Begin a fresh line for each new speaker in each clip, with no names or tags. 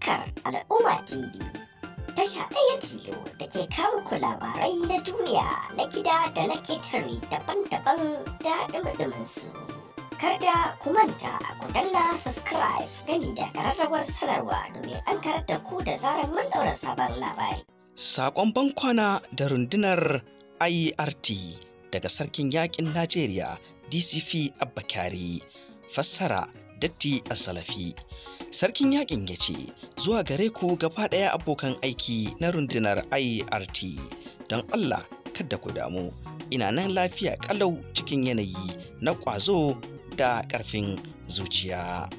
al al'umma tv tasha ɗaya tilo da ke kawo ku labarai na duniya na gida da na ketare daban-daban da dumdumin su kada ku manta a ku danna subscribe gani da ƙararrawar sanarwa domin an karar da ku da zarar mun ɗaura sabon labari saƙon bankwana da rundunar irt daga sarkin yaƙin najeriya dcp abba kyari fassara datti a salafi sarkin yakin ya ce zuwa gare ku gaba ɗaya abokan aiki na rundunar irt don allah kada ku damu ina nan lafiya kalau cikin yanayi na ƙwazo da ƙarfin zuciya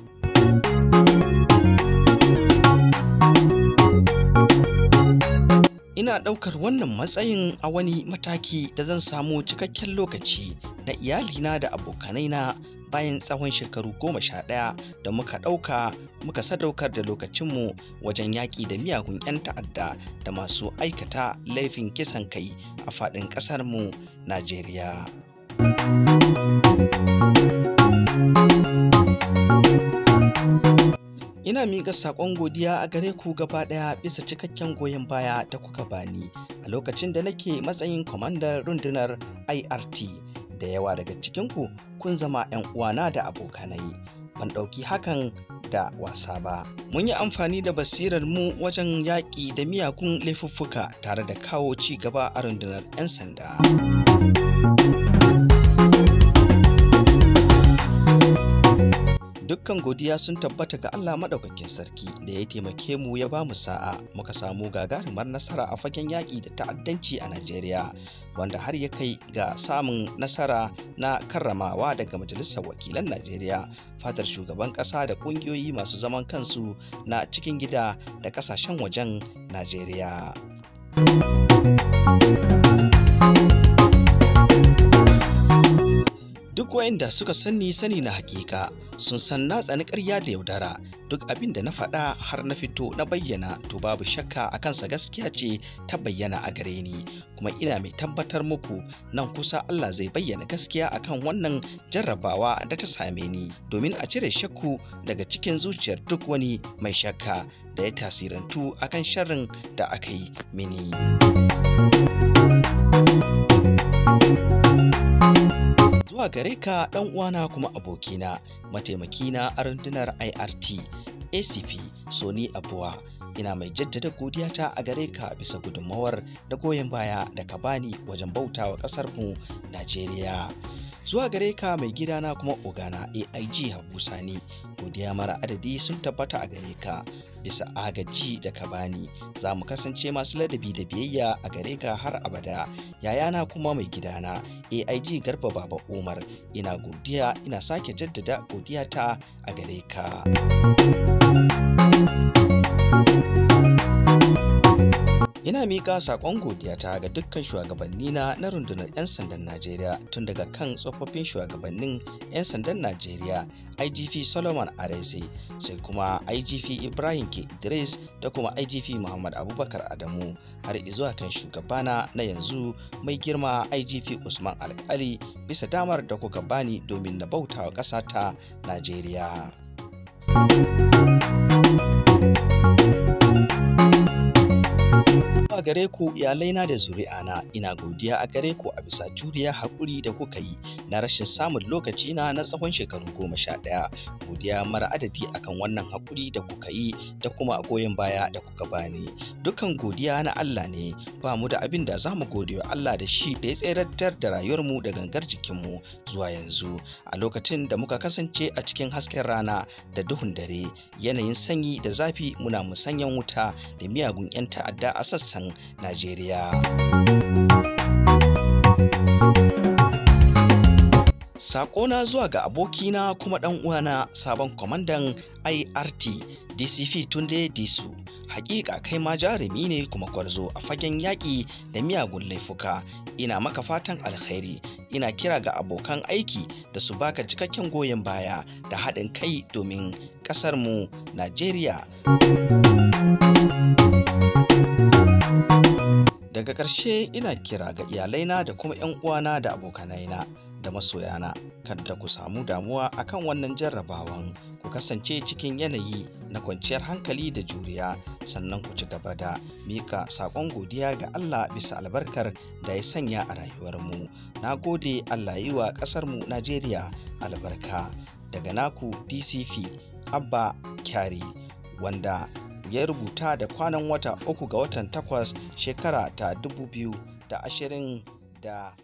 ina ɗaukar wannan matsayin a wani mataki da zan samu cikakken lokaci na iyalina da abokanaina bayan tsawon shekaru goma sha ɗaya da muka ɗauka muka sadaukar da lokacinmu wajen yaƙi da miyagun 'yan ta'adda da masu aikata laifin kisan kai a faɗin ƙasarmu najeriya Ina miƙa saƙon godiya a gare ku gaba ɗaya bisa cikakken goyon baya da kuka bani a lokacin da nake matsayin kwamandan rundunar IRT. da yawa daga cikinku kun zama 'yan uwana da abokanai ban ɗauki hakan da wasa ba mun yi amfani da basirar mu wajen yaƙi da miyakun laifuffuka tare da kawo ci gaba a rundunar 'yan sanda Dukkan godiya sun tabbata ga Allah maɗaukakin sarki da ya taimake mu ya ba mu sa'a muka samu gagarumar nasara a fagen yaƙi da ta'addanci a Najeriya wanda har ya kai ga samun nasara na karramawa daga Majalisar Wakilan Najeriya fatar shugaban ƙasa da ƙungiyoyi masu zaman kansu na cikin gida da ƙasashen wajen Najeriya. duk suka sani sani na hakika sun san na tsani karya da yaudara duk abin da na faɗa har na fito na bayyana to babu shakka a kansa gaskiya ce ta bayyana a gare ni kuma ina mai tabbatar muku nan kusa Allah zai bayyana gaskiya a kan wannan jarrabawa da ta same ni domin a cire shakku daga cikin zuciyar duk wani mai shakka da ya tasirantu a kan sharrin da aka yi mini. zuwa gare ka ɗan uwana kuma abokina mataimakina a rundunar IRT ACP Sony Abuwa ina mai jaddada godiyata a gare ka bisa gudunmawar da goyon baya da ka bani wajen bautawa ƙasar mu Najeriya. Zuwa gare ka mai gidana kuma ogana AIG Habu Sani godiya mara adadi sun tabbata a gare ka bisa agaji da ka bani za mu kasance masu ladabi da biyayya a gare ka har abada yayana kuma mai gidana aig garba baba umar ina godiya ina sake jaddada godiyata a gare ka ina miƙa saƙon godiyata ga dukkan shugabanni na rundunar 'yan sandan najeriya tun daga kan tsofaffin shugabannin 'yan sandan najeriya igp solomon arese sai kuma igp ibrahim ke idris da kuma igp muhammad abubakar adamu har izuwa kan shugabana na yanzu mai girma igp usman alkali bisa damar da kuka bani domin na bautawa ƙasa ta najeriya gare ku iyalaina da zuri'ana ina godiya a gare ku a bisa juriya haƙuri da kuka yi na rashin samun lokaci na na tsawon shekaru goma sha ɗaya godiya mara adadi akan wannan haƙuri da kuka yi da kuma goyon baya da kuka bani dukkan godiya na Allah ne ba mu da abin da za mu gode Allah da shi da ya tseratar da rayuwarmu da gangar jikinmu zuwa yanzu a lokacin da muka kasance a cikin hasken rana da duhun dare yanayin sanyi da zafi muna musanyan wuta da miyagun 'yan ta'adda a sassan Najeriya. Najeriya. na zuwa ga abokina kuma ɗan uwana sabon kwamandan IRT DCP Tunde Disu. Hakika kai ma jarumi ne kuma kwarzo a fagen yaƙi da miyagun laifuka. Ina maka fatan alkhairi. Ina kira ga abokan aiki da su baka cikakken goyon baya da haɗin kai domin ƙasarmu Najeriya. daga ƙarshe ina kira ga iyalaina da kuma 'yan uwana da abokanaina da masoyana kada ku samu damuwa akan wannan jarrabawan ku kasance cikin yanayi na kwanciyar hankali da juriya sannan ku ci gaba da mika saƙon godiya ga Allah bisa albarkar da ya sanya a rayuwarmu na gode Allah yi wa ƙasarmu Najeriya albarka daga naku DCP Abba Kyari wanda ya rubuta da kwanan wata uku ga watan takwas shekara ta dubu biyu da ashirin da